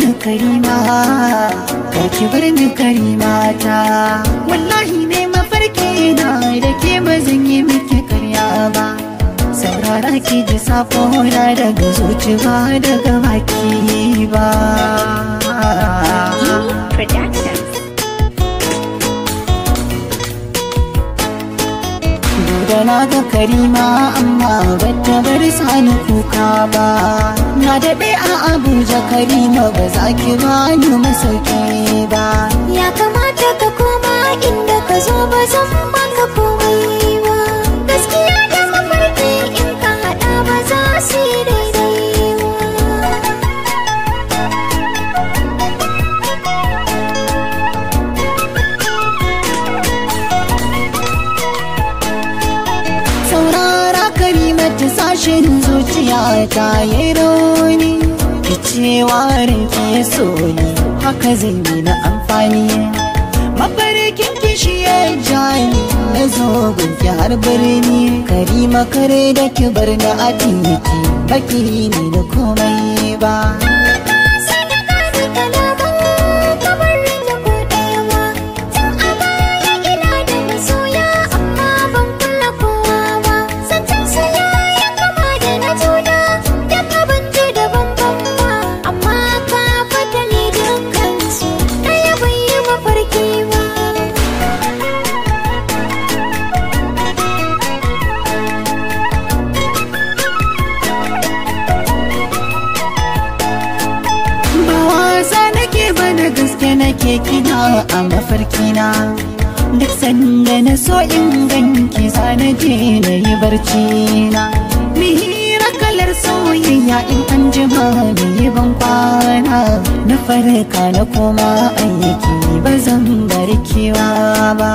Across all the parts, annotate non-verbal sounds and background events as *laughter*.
ni karima ka ki bar ni karimata wallahi ne mafarki na da ke ba zan yi miki karya ba saurara ki ji safo na daga zuci ba daga baki ba Production na ga karima amma bata bar sani kuka ba na daɗe a abuja karima ba za ki bani masauki ba ya kamata ka koma inda ka zo ba zan maka komai ta yi rauni ki ne haka zai na amfani mafarkin ki shi ya jani na zo gunki har birni karima kare da ki bar a baki ne da komai ba ke kina a mafarkina duk sanda na so in ganki na je na yi barci na Mi hira kalar soyayya in an jima na yi ban kwana na farka na koma aiki ba zan kewa ba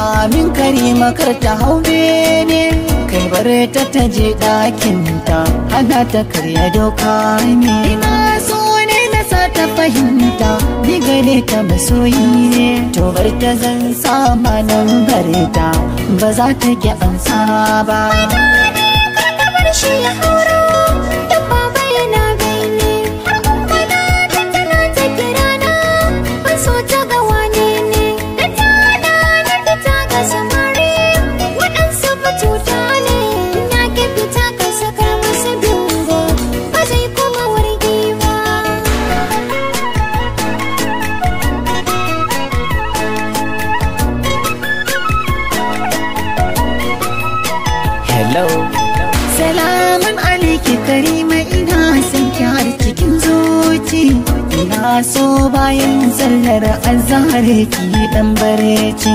amin karima kar ta hau bene kai bare ta ta je ɗakin ta hana ta karya doka ne ina so ne na sa ta fahimta ni gane ta masoyi ne to bar ta zan sa nan bare ta ba za ta ki ansa ba ka bar shi ya haura gare mai ina san kyar cikin zuci ina so bayan sallar azhar ki dan bareci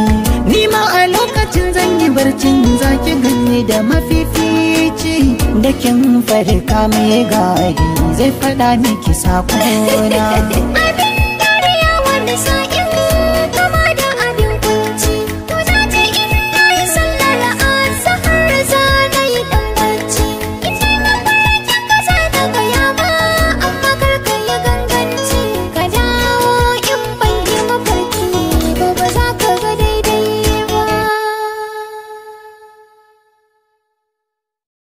ni ma a lokacin zan yi barcin zaki ganye da mafifici da kin farka mai gari zai fada miki na. *laughs* abin dariya wani sa'i